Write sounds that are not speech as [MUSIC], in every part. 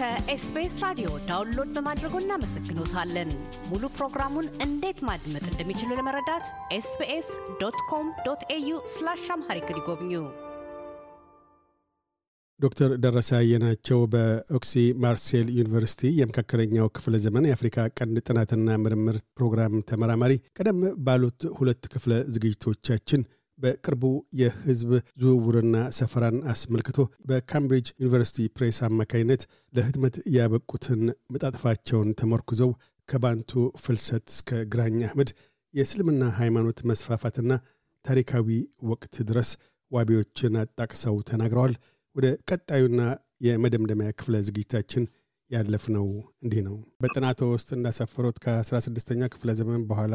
ከኤስቢኤስ ራዲዮ ዳውንሎድ በማድረጎ እናመሰግኖታለን። ሙሉ ፕሮግራሙን እንዴት ማድመጥ እንደሚችሉ ለመረዳት ኤስቢኤስ ዶት ኮም ዶት ኤዩ ስላሽ አምሃሪክ ይጎብኙ። ዶክተር ደረሰ አየናቸው በኦክሲ ማርሴል ዩኒቨርሲቲ የመካከለኛው ክፍለ ዘመን የአፍሪካ ቀንድ ጥናትና ምርምር ፕሮግራም ተመራማሪ፣ ቀደም ባሉት ሁለት ክፍለ ዝግጅቶቻችን በቅርቡ የህዝብ ዝውውርና ሰፈራን አስመልክቶ በካምብሪጅ ዩኒቨርሲቲ ፕሬስ አማካኝነት ለህትመት ያበቁትን መጣጥፋቸውን ተመርኩዘው ከባንቱ ፍልሰት እስከ ግራኝ አህመድ የእስልምና ሃይማኖት መስፋፋትና ታሪካዊ ወቅት ድረስ ዋቢዎችን አጣቅሰው ተናግረዋል። ወደ ቀጣዩና የመደምደሚያ ክፍለ ዝግጅታችን ያለፍነው እንዲህ ነው። በጥናቶ ውስጥ እንዳሰፈሩት ከ16ኛው ክፍለ ዘመን በኋላ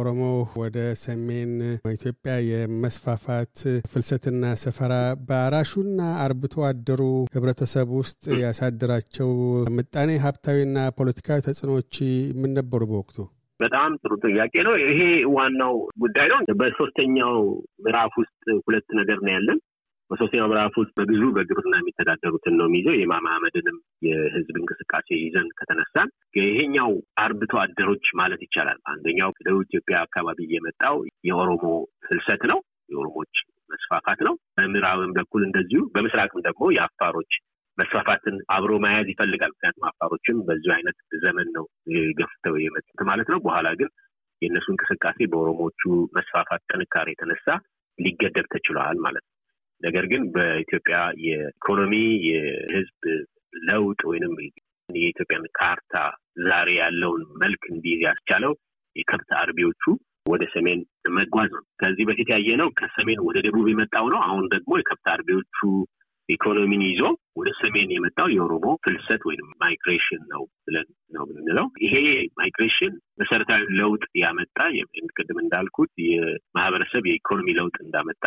ኦሮሞ ወደ ሰሜን ኢትዮጵያ የመስፋፋት ፍልሰትና ሰፈራ በአራሹና አርብቶ አደሩ ህብረተሰብ ውስጥ ያሳደራቸው ምጣኔ ሀብታዊና ፖለቲካዊ ተጽዕኖዎች ምን ነበሩ በወቅቱ? በጣም ጥሩ ጥያቄ ነው። ይሄ ዋናው ጉዳይ ነው። በሶስተኛው ምዕራፍ ውስጥ ሁለት ነገር ነው ያለን። በሶስተኛው ምዕራፍ ውስጥ በብዙ በግብርና የሚተዳደሩትን ነው የሚይዘው። የኢማም የህዝብ እንቅስቃሴ ይዘን ከተነሳን ይሄኛው አርብቶ አደሮች ማለት ይቻላል። አንደኛው ደቡብ ኢትዮጵያ አካባቢ የመጣው የኦሮሞ ፍልሰት ነው፣ የኦሮሞች መስፋፋት ነው። በምዕራብም በኩል እንደዚሁ፣ በምስራቅም ደግሞ የአፋሮች መስፋፋትን አብሮ መያዝ ይፈልጋል። ምክንያቱም አፋሮችም በዚ አይነት ዘመን ነው ገፍተው የመጡት ማለት ነው። በኋላ ግን የእነሱ እንቅስቃሴ በኦሮሞቹ መስፋፋት ጥንካሬ የተነሳ ሊገደብ ተችሏል ማለት ነው። ነገር ግን በኢትዮጵያ የኢኮኖሚ የህዝብ ለውጥ ወይንም የኢትዮጵያን ካርታ ዛሬ ያለውን መልክ እንዲይዝ ያስቻለው የከብት አርቢዎቹ ወደ ሰሜን መጓዝ ነው። ከዚህ በፊት ያየ ነው ከሰሜን ወደ ደቡብ የመጣው ነው። አሁን ደግሞ የከብት አርቢዎቹ ኢኮኖሚን ይዞ ወደ ሰሜን የመጣው የኦሮሞ ፍልሰት ወይም ማይግሬሽን ነው ብለን ነው የምንለው። ይሄ ማይግሬሽን መሰረታዊ ለውጥ ያመጣ ቅድም እንዳልኩት የማህበረሰብ የኢኮኖሚ ለውጥ እንዳመጣ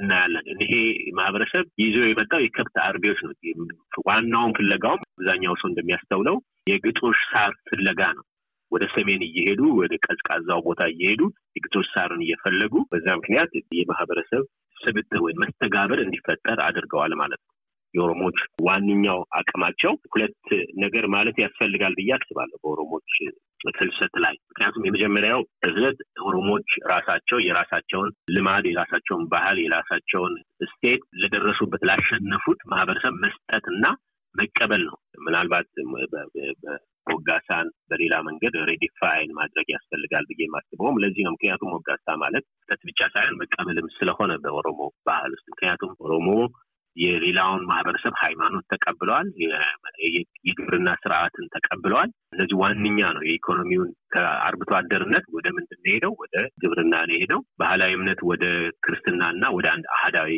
እናያለን። ይሄ ማህበረሰብ ይዞ የመጣው የከብት አርቢዎች ነው። ዋናውን ፍለጋውም አብዛኛው ሰው እንደሚያስተውለው የግጦሽ ሳር ፍለጋ ነው። ወደ ሰሜን እየሄዱ ወደ ቀዝቃዛው ቦታ እየሄዱ የግጦሽ ሳርን እየፈለጉ በዛ ምክንያት የማህበረሰብ ስብጥር ወይም መስተጋብር እንዲፈጠር አድርገዋል ማለት ነው። የኦሮሞዎች ዋነኛው አቅማቸው ሁለት ነገር ማለት ያስፈልጋል ብዬ አስባለሁ በኦሮሞዎች ፍልሰት ላይ። ምክንያቱም የመጀመሪያው ህዝለት ኦሮሞዎች ራሳቸው የራሳቸውን ልማድ፣ የራሳቸውን ባህል፣ የራሳቸውን እሴት ለደረሱበት ላሸነፉት ማህበረሰብ መስጠት እና መቀበል ነው። ምናልባት ሞጋሳን በሌላ መንገድ ሬዲፋይን ማድረግ ያስፈልጋል ብዬ የማስበውም ለዚህ ነው። ምክንያቱም ሞጋሳ ማለት ተት ብቻ ሳይሆን መቀበልም ስለሆነ በኦሮሞ ባህል ውስጥ ምክንያቱም ኦሮሞ የሌላውን ማህበረሰብ ሃይማኖት ተቀብለዋል። የግብርና ስርዓትን ተቀብለዋል። እነዚህ ዋነኛ ነው። የኢኮኖሚውን ከአርብቶ አደርነት ወደ ምንድን ሄደው ወደ ግብርና ነው ሄደው ባህላዊ እምነት ወደ እና ወደ አንድ አህዳዊ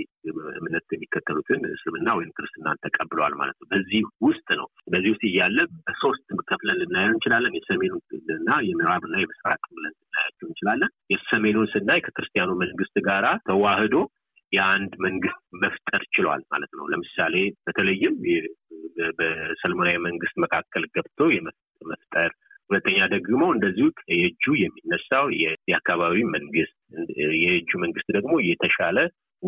እምነት የሚከተሉትን እስልምና ወይም ክርስትናን ተቀብለዋል ማለት ነው። በዚህ ውስጥ ነው። በዚህ ውስጥ እያለ በሶስት ከፍለን ልናየው እንችላለን። የሰሜኑና የምዕራብና የምስራቅ ብለን ልናያቸው እንችላለን። የሰሜኑን ስናይ ከክርስቲያኑ መንግስት ጋራ ተዋህዶ የአንድ መንግስት መፍጠር ችሏል ማለት ነው። ለምሳሌ በተለይም በሰለሞናዊ መንግስት መካከል ገብቶ መፍጠር ሁለተኛ ደግሞ እንደዚሁ የእጁ የሚነሳው የአካባቢ መንግስት የእጁ መንግስት ደግሞ የተሻለ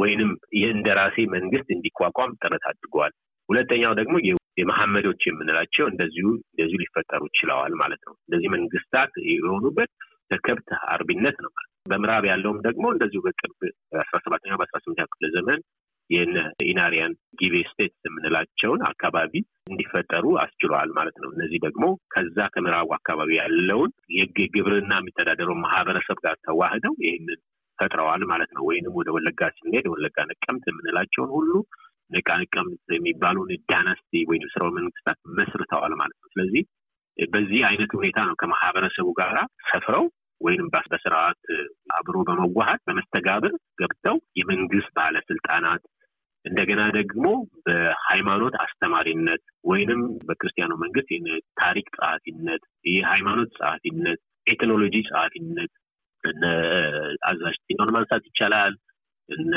ወይንም የእንደራሴ መንግስት እንዲቋቋም ጥረት አድርጓል። ሁለተኛው ደግሞ የመሐመዶች የምንላቸው እንደዚሁ እንደዚሁ ሊፈጠሩ ችለዋል ማለት ነው። እንደዚህ መንግስታት የሆኑበት ከከብት አርቢነት ነው ማለት ነው። በምዕራብ ያለውም ደግሞ እንደዚሁ በቅርብ በአስራ ሰባተኛው በአስራ ስምንተኛ ክፍለ ዘመን ይህን ኢናሪያን ጊቤ ስቴት የምንላቸውን አካባቢ እንዲፈጠሩ አስችሏል ማለት ነው። እነዚህ ደግሞ ከዛ ከምዕራቡ አካባቢ ያለውን የግብርና የሚተዳደረው ማህበረሰብ ጋር ተዋህደው ይህንን ፈጥረዋል ማለት ነው። ወይንም ወደ ወለጋ ስንሄድ ወለጋ ነቀምት የምንላቸውን ሁሉ ነቃ ነቀምት የሚባሉን ዳናስቲ ወይም ስራው መንግስታት መስርተዋል ማለት ነው። ስለዚህ በዚህ አይነት ሁኔታ ነው ከማህበረሰቡ ጋር ሰፍረው ወይንም በስርዓት አብሮ በመዋሀድ በመስተጋብር ገብተው የመንግስት ባለስልጣናት እንደገና ደግሞ በሃይማኖት አስተማሪነት ወይንም በክርስቲያኑ መንግስት ታሪክ ጸሐፊነት፣ የሃይማኖት ጸሐፊነት፣ ኤትኖሎጂ ጸሐፊነት አዛዥ ማንሳት ይቻላል። እነ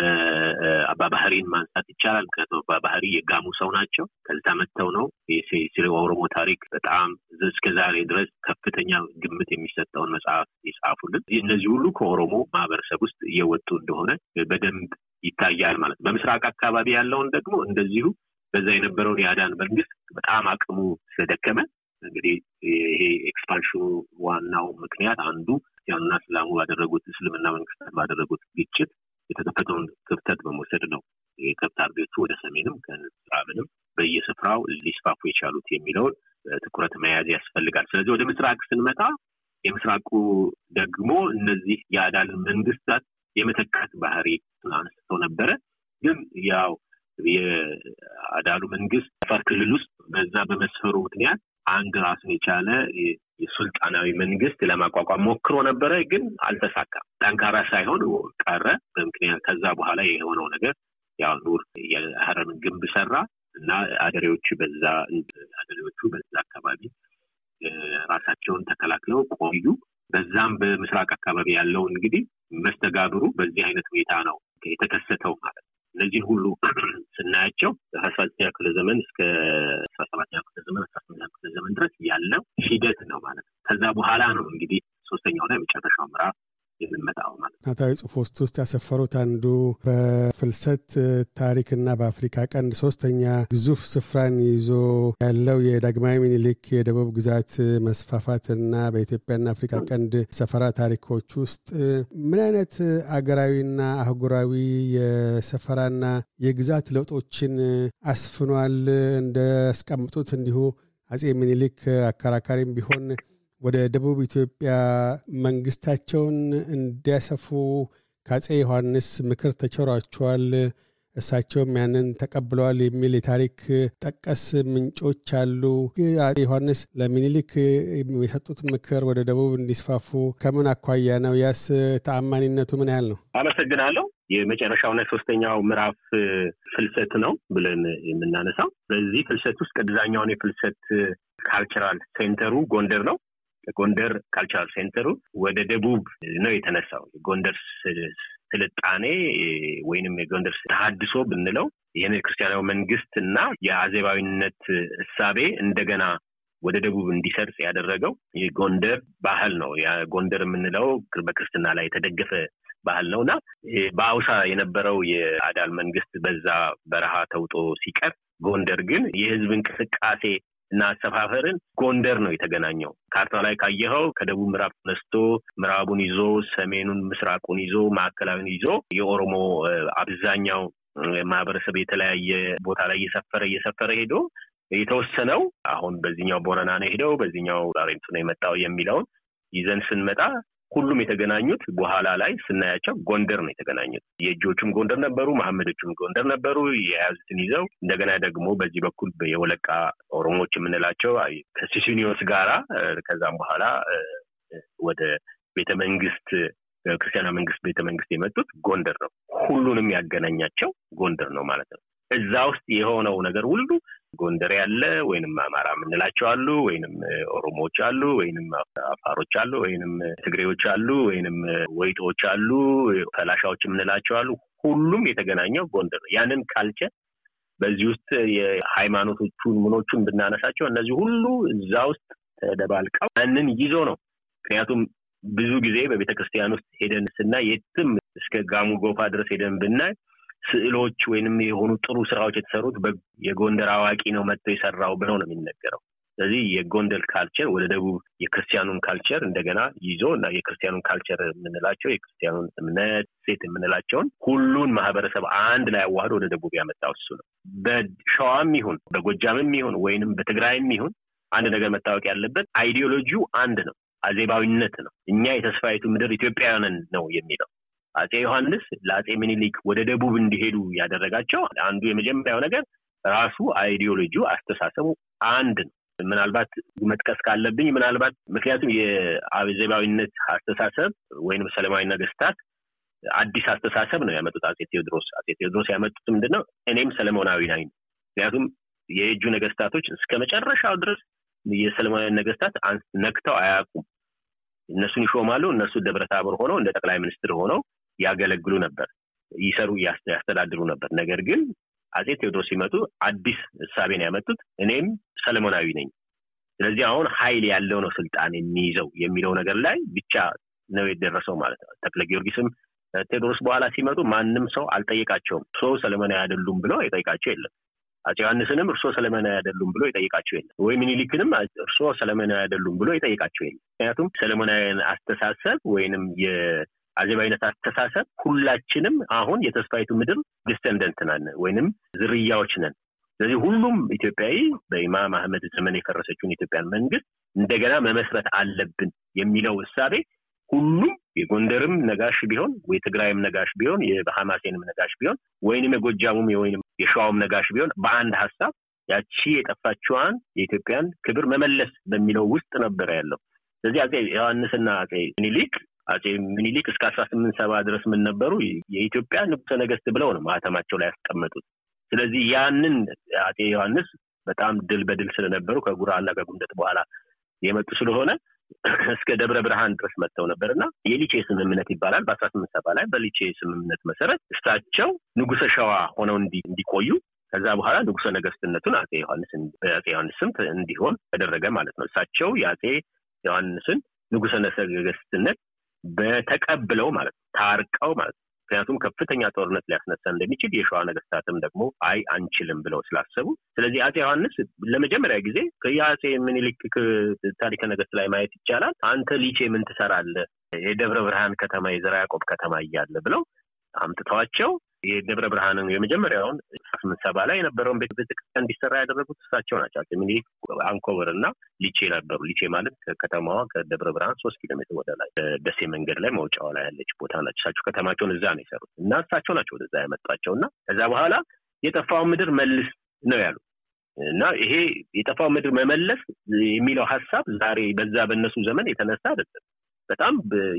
ማንሳት ይቻላል። ምክንያቱም አባባህሪ የጋሙ ሰው ናቸው። ከዛ መጥተው ነው ስለ ኦሮሞ ታሪክ በጣም እስከ ዛሬ ድረስ ከፍተኛ ግምት የሚሰጠውን መጽሐፍ የጻፉልን እነዚህ ሁሉ ከኦሮሞ ማህበረሰብ ውስጥ እየወጡ እንደሆነ በደንብ ይታያል ማለት ነው። በምስራቅ አካባቢ ያለውን ደግሞ እንደዚሁ በዛ የነበረውን የአዳን መንግስት በጣም አቅሙ ስለደከመ እንግዲህ ይሄ ኤክስፓንሽኑ ዋናው ምክንያት አንዱ ያና እስላሙ ባደረጉት እስልምና መንግስታት ባደረጉት ግጭት የተከፈተውን ክፍተት በመውሰድ ነው የከብት አርቢዎቹ ወደ ሰሜንም ከምንም በየስፍራው ሊስፋፉ የቻሉት የሚለውን ትኩረት መያዝ ያስፈልጋል። ስለዚህ ወደ ምስራቅ ስንመጣ የምስራቁ ደግሞ እነዚህ የአዳል መንግስታት የመተካት ባህሪ አንስተው ነበረ። ግን ያው የአዳሉ መንግስት አፋር ክልል ውስጥ በዛ በመስፈሩ ምክንያት አንድ ራሱን የቻለ ሱልጣናዊ መንግስት ለማቋቋም ሞክሮ ነበረ፣ ግን አልተሳካም። ጠንካራ ሳይሆን ቀረ። በምክንያት ከዛ በኋላ የሆነው ነገር ያው ኑር የሀረምን ግንብ ሰራ እና አደሬዎቹ በዛ አደሬዎቹ በዛ አካባቢ ራሳቸውን ተከላክለው ቆዩ። በዛም በምስራቅ አካባቢ ያለው እንግዲህ መስተጋብሩ በዚህ አይነት ሁኔታ ነው የተከሰተው ማለት ነው። እነዚህ ሁሉ [CLEARS THROAT] ስናያቸው ከአስራ ዘጠነኛ ክፍለ ዘመን እስከ አስራ ሰባተኛ ክፍለ ዘመን እስከመሆን ድረስ ያለው ሂደት ነው ማለት ነው። ከዛ በኋላ ነው እንግዲህ ሶስተኛውና የመጨረሻው ምዕራፍ የምንመጣው ማለት ነው። ውስጥ ያሰፈሩት አንዱ በፍልሰት ታሪክና በአፍሪካ ቀንድ ሶስተኛ ግዙፍ ስፍራን ይዞ ያለው የዳግማዊ ሚኒሊክ የደቡብ ግዛት መስፋፋትና በኢትዮጵያና አፍሪካ ቀንድ ሰፈራ ታሪኮች ውስጥ ምን አይነት አገራዊና አህጉራዊ የሰፈራና የግዛት ለውጦችን አስፍኗል? እንዳስቀምጡት እንዲሁ አጼ ምኒልክ አከራካሪም ቢሆን ወደ ደቡብ ኢትዮጵያ መንግስታቸውን እንዲያሰፉ ከአጼ ዮሐንስ ምክር ተቸሯቸዋል። እሳቸውም ያንን ተቀብለዋል የሚል የታሪክ ጠቀስ ምንጮች አሉ። አጼ ዮሐንስ ለሚኒሊክ የሰጡት ምክር ወደ ደቡብ እንዲስፋፉ ከምን አኳያ ነው? ያስ ተአማኒነቱ ምን ያህል ነው? አመሰግናለሁ። የመጨረሻውና ሶስተኛው ምዕራፍ ፍልሰት ነው ብለን የምናነሳው። በዚህ ፍልሰት ውስጥ ቅድዛኛውን የፍልሰት ካልቸራል ሴንተሩ ጎንደር ነው። ጎንደር ካልቸራል ሴንተሩ ወደ ደቡብ ነው የተነሳው። ጎንደር ስልጣኔ ወይንም የጎንደር ተሃድሶ ብንለው ይህን ክርስቲያናዊ መንግስት እና የአዜባዊነት እሳቤ እንደገና ወደ ደቡብ እንዲሰርጽ ያደረገው የጎንደር ባህል ነው። ጎንደር የምንለው በክርስትና ላይ የተደገፈ ባህል ነው እና በአውሳ የነበረው የአዳል መንግስት በዛ በረሃ ተውጦ ሲቀር፣ ጎንደር ግን የህዝብ እንቅስቃሴ እና አሰፋፈርን ጎንደር ነው የተገናኘው። ካርታ ላይ ካየኸው ከደቡብ ምዕራብ ተነስቶ ምዕራቡን ይዞ ሰሜኑን፣ ምስራቁን ይዞ ማዕከላዊን ይዞ የኦሮሞ አብዛኛው ማህበረሰብ የተለያየ ቦታ ላይ እየሰፈረ እየሰፈረ ሄዶ የተወሰነው አሁን በዚህኛው ቦረና ነው ሄደው በዚኛው ዛሬምቱ ነው የመጣው የሚለውን ይዘን ስንመጣ ሁሉም የተገናኙት በኋላ ላይ ስናያቸው ጎንደር ነው የተገናኙት። የእጆቹም ጎንደር ነበሩ፣ መሐመዶቹም ጎንደር ነበሩ። የያዙትን ይዘው እንደገና ደግሞ በዚህ በኩል የወለቃ ኦሮሞዎች የምንላቸው ከሲሲኒዮስ ጋራ ከዛም በኋላ ወደ ቤተ መንግስት ክርስቲያና መንግስት ቤተ መንግስት የመጡት ጎንደር ነው። ሁሉንም ያገናኛቸው ጎንደር ነው ማለት ነው። እዛ ውስጥ የሆነው ነገር ሁሉ ጎንደር ያለ ወይንም አማራ የምንላቸው አሉ፣ ወይንም ኦሮሞዎች አሉ፣ ወይንም አፋሮች አሉ፣ ወይንም ትግሬዎች አሉ፣ ወይንም ወይቶዎች አሉ፣ ፈላሻዎች የምንላቸው አሉ። ሁሉም የተገናኘው ጎንደር ነው። ያንን ካልቸ በዚህ ውስጥ የሃይማኖቶቹን ምኖቹን ብናነሳቸው እነዚህ ሁሉ እዛ ውስጥ ተደባልቀው ያንን ይዞ ነው። ምክንያቱም ብዙ ጊዜ በቤተክርስቲያን ውስጥ ሄደን ስናይ የትም እስከ ጋሙ ጎፋ ድረስ ሄደን ብናይ ስዕሎች ወይንም የሆኑ ጥሩ ስራዎች የተሰሩት የጎንደር አዋቂ ነው መጥቶ የሰራው ብለው ነው የሚነገረው። ስለዚህ የጎንደር ካልቸር ወደ ደቡብ የክርስቲያኑን ካልቸር እንደገና ይዞ እና የክርስቲያኑን ካልቸር የምንላቸው የክርስቲያኑን እምነት ሴት የምንላቸውን ሁሉን ማህበረሰብ አንድ ላይ አዋህዶ ወደ ደቡብ ያመጣው እሱ ነው። በሸዋም ይሁን በጎጃምም ይሁን ወይንም በትግራይም ይሁን አንድ ነገር መታወቅ ያለበት አይዲዮሎጂው አንድ ነው። አዜባዊነት ነው። እኛ የተስፋይቱ ምድር ኢትዮጵያውያንን ነው የሚለው አጼ ዮሐንስ ለአጼ ሚኒሊክ ወደ ደቡብ እንዲሄዱ ያደረጋቸው አንዱ የመጀመሪያው ነገር ራሱ አይዲዮሎጂው አስተሳሰቡ አንድ ነው። ምናልባት መጥቀስ ካለብኝ ምናልባት ምክንያቱም የአዜባዊነት አስተሳሰብ ወይም ሰለማዊ ነገስታት አዲስ አስተሳሰብ ነው ያመጡት አጼ ቴዎድሮስ። አጼ ቴዎድሮስ ያመጡት ምንድን ነው? እኔም ሰለሞናዊ ነኝ። ምክንያቱም የእጁ ነገስታቶች እስከ መጨረሻው ድረስ የሰለሞናዊ ነገስታት ነክተው አያቁም እነሱን ይሾማሉ። እነሱ ደብረታብር ሆነው እንደ ጠቅላይ ሚኒስትር ሆነው ያገለግሉ ነበር፣ ይሰሩ ያስተዳድሩ ነበር። ነገር ግን አጼ ቴዎድሮስ ሲመጡ አዲስ እሳቤን ያመጡት እኔም ሰለሞናዊ ነኝ፣ ስለዚህ አሁን ኃይል ያለው ነው ስልጣን የሚይዘው የሚለው ነገር ላይ ብቻ ነው የደረሰው ማለት ነው። ተክለ ጊዮርጊስም ቴዎድሮስ በኋላ ሲመጡ ማንም ሰው አልጠየቃቸውም። ሰው ሰለሞናዊ አይደሉም ብሎ የጠይቃቸው የለም። አጼ ዮሐንስንም እርሶ ሰለሞናዊ አይደሉም ብሎ የጠይቃቸው የለም። ወይ ምኒልክንም እርሶ ሰለሞናዊ አይደሉም ብሎ የጠይቃቸው የለም። ምክንያቱም ሰለሞናዊን አስተሳሰብ ወይንም አዜብ አይነት አስተሳሰብ ሁላችንም አሁን የተስፋይቱ ምድር ዲስተንደንት ናን ወይንም ዝርያዎች ነን። ስለዚህ ሁሉም ኢትዮጵያዊ በኢማም አህመድ ዘመን የፈረሰችውን ኢትዮጵያን መንግስት እንደገና መመስረት አለብን የሚለው እሳቤ ሁሉም የጎንደርም ነጋሽ ቢሆን የትግራይም ነጋሽ ቢሆን የሐማሴንም ነጋሽ ቢሆን ወይንም የጎጃሙም የወይንም የሸዋውም ነጋሽ ቢሆን በአንድ ሀሳብ ያቺ የጠፋችዋን የኢትዮጵያን ክብር መመለስ በሚለው ውስጥ ነበረ ያለው። ስለዚህ አጼ ዮሐንስና አጼ ምኒልክ አጼ ሚኒሊክ እስከ አስራ ስምንት ሰባ ድረስ ምን ነበሩ? የኢትዮጵያ ንጉሰ ነገስት ብለው ነው ማህተማቸው ላይ ያስቀመጡት። ስለዚህ ያንን አጼ ዮሐንስ በጣም ድል በድል ስለነበሩ ከጉራና ከጉንደት በኋላ የመጡ ስለሆነ እስከ ደብረ ብርሃን ድረስ መጥተው ነበር እና የሊቼ ስምምነት ይባላል። በአስራ ስምንት ሰባ ላይ በሊቼ ስምምነት መሰረት እሳቸው ንጉሰ ሸዋ ሆነው እንዲቆዩ ከዛ በኋላ ንጉሰ ነገስትነቱን አጼ ዮሐንስ በአጼ ዮሐንስ ስም እንዲሆን ተደረገ ማለት ነው። እሳቸው የአጼ ዮሐንስን ንጉሰ ነገስትነት በተቀብለው ማለት ነው ታርቀው ማለት ነው። ምክንያቱም ከፍተኛ ጦርነት ሊያስነሳ እንደሚችል የሸዋ ነገስታትም ደግሞ አይ አንችልም ብለው ስላሰቡ፣ ስለዚህ አጼ ዮሐንስ ለመጀመሪያ ጊዜ የአጼ ምኒልክ ታሪከ ነገስት ላይ ማየት ይቻላል። አንተ ሊቼ ምን ትሰራለ የደብረ ብርሃን ከተማ የዘራ ያቆብ ከተማ እያለ ብለው አምጥተዋቸው የደብረ ብርሃንን የመጀመሪያውን ስምንት ሰባ ላይ የነበረውን ቤተክርስቲያን እንዲሰራ ያደረጉት እሳቸው ናቸው። አፄ አንኮበር እና ሊቼ ነበሩ። ሊቼ ማለት ከከተማዋ ከደብረ ብርሃን ሶስት ኪሎ ሜትር ወደ ላይ ደሴ መንገድ ላይ መውጫዋ ላይ ያለች ቦታ ናቸው። እሳቸው ከተማቸውን እዛ ነው የሰሩት እና እሳቸው ናቸው ወደዛ ያመጧቸው እና ከዛ በኋላ የጠፋውን ምድር መልስ ነው ያሉት እና ይሄ የጠፋው ምድር መመለስ የሚለው ሀሳብ ዛሬ በዛ በእነሱ ዘመን የተነሳ አደለም በጣም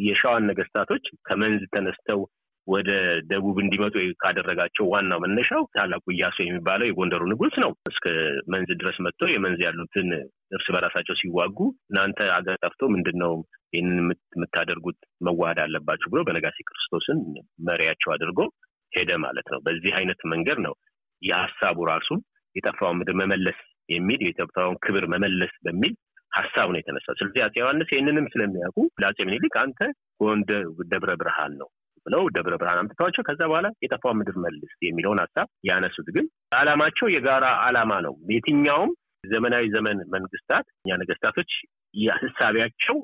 የሸዋን ነገስታቶች ከመንዝ ተነስተው ወደ ደቡብ እንዲመጡ ካደረጋቸው ዋናው መነሻው ታላቁ እያሱ የሚባለው የጎንደሩ ንጉስ ነው። እስከ መንዝ ድረስ መጥቶ የመንዝ ያሉትን እርስ በራሳቸው ሲዋጉ እናንተ አገር ጠፍቶ ምንድን ነው ይህንን የምታደርጉት? መዋሃድ አለባችሁ ብሎ በነጋሴ ክርስቶስን መሪያቸው አድርጎ ሄደ ማለት ነው። በዚህ አይነት መንገድ ነው የሀሳቡ ራሱ የጠፋውን ምድር መመለስ የሚል የጠፋውን ክብር መመለስ በሚል ሀሳብ ነው የተነሳው። ስለዚህ አፄ ዮሐንስ ይህንንም ስለሚያውቁ ለአፄ ምኒልክ አንተ ጎንደር ደብረ ብርሃን ነው ብለው ደብረ ብርሃን አምጥተዋቸው ከዛ በኋላ የጠፋው ምድር መልስ የሚለውን ሀሳብ ያነሱት። ግን አላማቸው የጋራ አላማ ነው። የትኛውም ዘመናዊ ዘመን መንግስታት እኛ ነገስታቶች የሀሳቢያቸው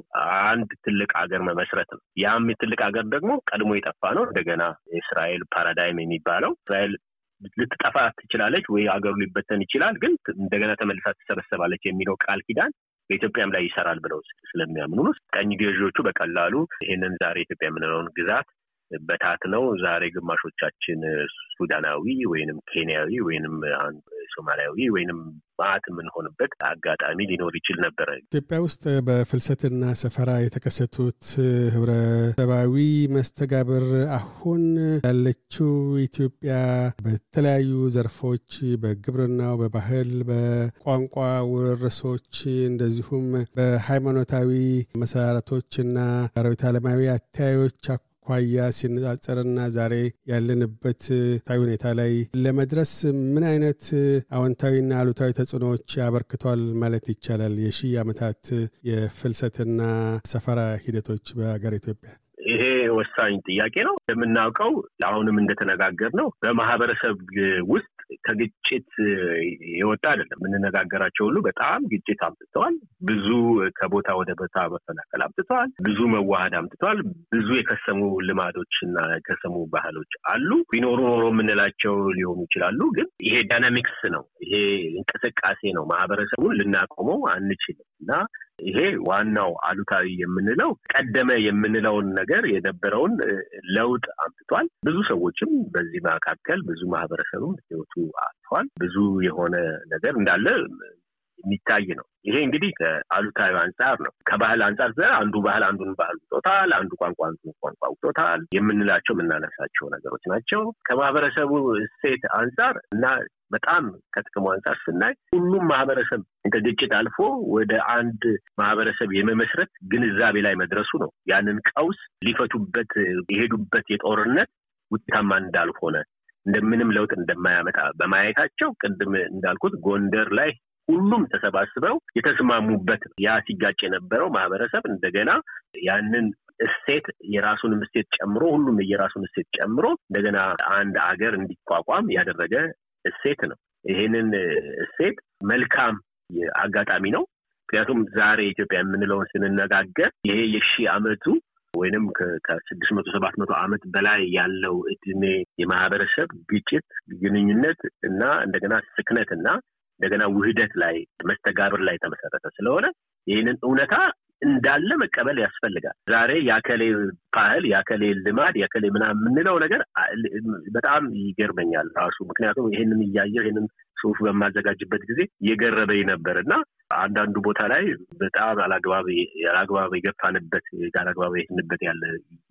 አንድ ትልቅ ሀገር መመስረት ነው። ያም ትልቅ ሀገር ደግሞ ቀድሞ የጠፋ ነው። እንደገና የእስራኤል ፓራዳይም የሚባለው እስራኤል ልትጠፋ ትችላለች ወይ ሀገሩ ሊበተን ይችላል፣ ግን እንደገና ተመልሳ ትሰበሰባለች የሚለው ቃል ኪዳን በኢትዮጵያም ላይ ይሰራል ብለው ስለሚያምኑ ቀኝ ገዢዎቹ በቀላሉ ይህንን ዛሬ ኢትዮጵያ የምንለውን ግዛት በታት ነው ዛሬ ግማሾቻችን ሱዳናዊ ወይንም ኬንያዊ ወይንም ሶማሊያዊ ወይንም ማት የምንሆንበት አጋጣሚ ሊኖር ይችል ነበረ። ኢትዮጵያ ውስጥ በፍልሰትና ሰፈራ የተከሰቱት ህብረተሰባዊ መስተጋብር አሁን ያለችው ኢትዮጵያ በተለያዩ ዘርፎች በግብርናው፣ በባህል፣ በቋንቋ ውርርሶች እንደዚሁም በሃይማኖታዊ መሰረቶች እና ርዕዮተ አለማዊ አተያዮች አኳያ ሲነጻጸርና ዛሬ ያለንበት ታዊ ሁኔታ ላይ ለመድረስ ምን አይነት አዎንታዊና አሉታዊ ተጽዕኖዎች ያበርክቷል ማለት ይቻላል? የሺ ዓመታት የፍልሰትና ሰፈራ ሂደቶች በሀገር ኢትዮጵያ። ይሄ ወሳኝ ጥያቄ ነው። እንደምናውቀው አሁንም እንደተነጋገር ነው በማህበረሰብ ውስጥ ከግጭት የወጣ አይደለም። የምንነጋገራቸው ሁሉ በጣም ግጭት አምጥተዋል። ብዙ ከቦታ ወደ ቦታ መፈናቀል አምጥተዋል። ብዙ መዋሃድ አምጥተዋል። ብዙ የከሰሙ ልማዶች እና የከሰሙ ባህሎች አሉ። ቢኖሩ ኖሮ የምንላቸው ሊሆኑ ይችላሉ። ግን ይሄ ዳይናሚክስ ነው። ይሄ እንቅስቃሴ ነው። ማህበረሰቡን ልናቆመው አንችልም እና ይሄ ዋናው አሉታዊ የምንለው ቀደመ የምንለውን ነገር የነበረውን ለውጥ አምጥቷል። ብዙ ሰዎችም በዚህ መካከል ብዙ ማህበረሰብም ህይወቱ አልፏል ብዙ የሆነ ነገር እንዳለ የሚታይ ነው። ይሄ እንግዲህ ከአሉታዊ አንጻር ነው። ከባህል አንጻር ዘ አንዱ ባህል አንዱን ባህል ውጦታል፣ አንዱ ቋንቋ አንዱ ቋንቋ ውጦታል የምንላቸው የምናነሳቸው ነገሮች ናቸው። ከማህበረሰቡ እሴት አንጻር እና በጣም ከጥቅሙ አንጻር ስናይ ሁሉም ማህበረሰብ ግጭት አልፎ ወደ አንድ ማህበረሰብ የመመስረት ግንዛቤ ላይ መድረሱ ነው። ያንን ቀውስ ሊፈቱበት የሄዱበት የጦርነት ውጤታማ እንዳልሆነ እንደምንም ለውጥ እንደማያመጣ በማየታቸው ቅድም እንዳልኩት ጎንደር ላይ ሁሉም ተሰባስበው የተስማሙበት ያ ሲጋጭ የነበረው ማህበረሰብ እንደገና ያንን እሴት የራሱንም እሴት ጨምሮ ሁሉም የራሱን እሴት ጨምሮ እንደገና አንድ አገር እንዲቋቋም ያደረገ እሴት ነው። ይህንን እሴት መልካም አጋጣሚ ነው። ምክንያቱም ዛሬ ኢትዮጵያ የምንለውን ስንነጋገር ይሄ የሺህ ዓመቱ ወይንም ከስድስት መቶ ሰባት መቶ ዓመት በላይ ያለው እድሜ የማህበረሰብ ግጭት፣ ግንኙነት እና እንደገና ስክነት እና እንደገና ውህደት ላይ መስተጋብር ላይ የተመሰረተ ስለሆነ ይህንን እውነታ እንዳለ መቀበል ያስፈልጋል። ዛሬ የአከሌ ባህል የአከሌ ልማድ የአከሌ ምና የምንለው ነገር በጣም ይገርመኛል ራሱ። ምክንያቱም ይህንን እያየ ይህንን ጽሁፍ በማዘጋጅበት ጊዜ የገረበኝ ነበር እና አንዳንዱ ቦታ ላይ በጣም አላግባብ ያላግባብ የገፋንበት ያላግባብ የሄድንበት ያለ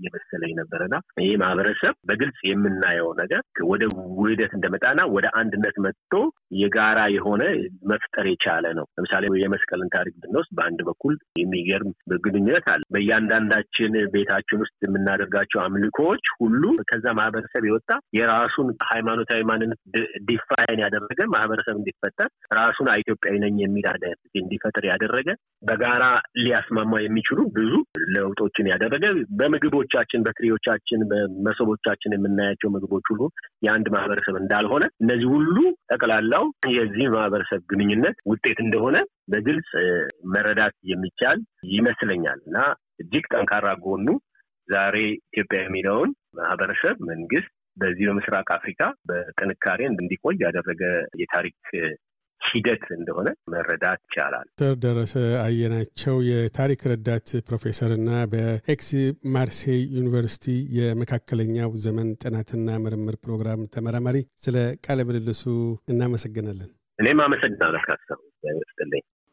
የመሰለኝ ነበረና ይህ ማህበረሰብ በግልጽ የምናየው ነገር ወደ ውህደት እንደመጣና ወደ አንድነት መጥቶ የጋራ የሆነ መፍጠር የቻለ ነው። ለምሳሌ የመስቀልን ታሪክ ብንወስድ በአንድ በኩል የሚገርም ግንኙነት አለ። በእያንዳንዳችን ቤታችን ውስጥ የምናደርጋቸው አምልኮዎች ሁሉ ከዛ ማህበረሰብ የወጣ የራሱን ሃይማኖታዊ ማንነት ዲፋይን ያደረገ ማህበረሰብ እንዲፈጠር ራሱን ኢትዮጵያዊ ነኝ የሚል እንዲፈጥር ያደረገ በጋራ ሊያስማማ የሚችሉ ብዙ ለውጦችን ያደረገ በምግቦቻችን፣ በትሪዎቻችን፣ በመሶቦቻችን የምናያቸው ምግቦች ሁሉ የአንድ ማህበረሰብ እንዳልሆነ እነዚህ ሁሉ ጠቅላላው የዚህ ማህበረሰብ ግንኙነት ውጤት እንደሆነ በግልጽ መረዳት የሚቻል ይመስለኛል እና እጅግ ጠንካራ ጎኑ ዛሬ ኢትዮጵያ የሚለውን ማህበረሰብ መንግስት በዚህ በምስራቅ አፍሪካ በጥንካሬ እንዲቆይ ያደረገ የታሪክ ሂደት እንደሆነ መረዳት ይቻላል። ዶክተር ደረሰ አየናቸው የታሪክ ረዳት ፕሮፌሰርና በኤክስ ማርሴይ ዩኒቨርሲቲ የመካከለኛው ዘመን ጥናትና ምርምር ፕሮግራም ተመራማሪ፣ ስለ ቃለ ምልልሱ እናመሰግናለን። እኔም አመሰግናለሁ ካሳ ይመስጥልኝ።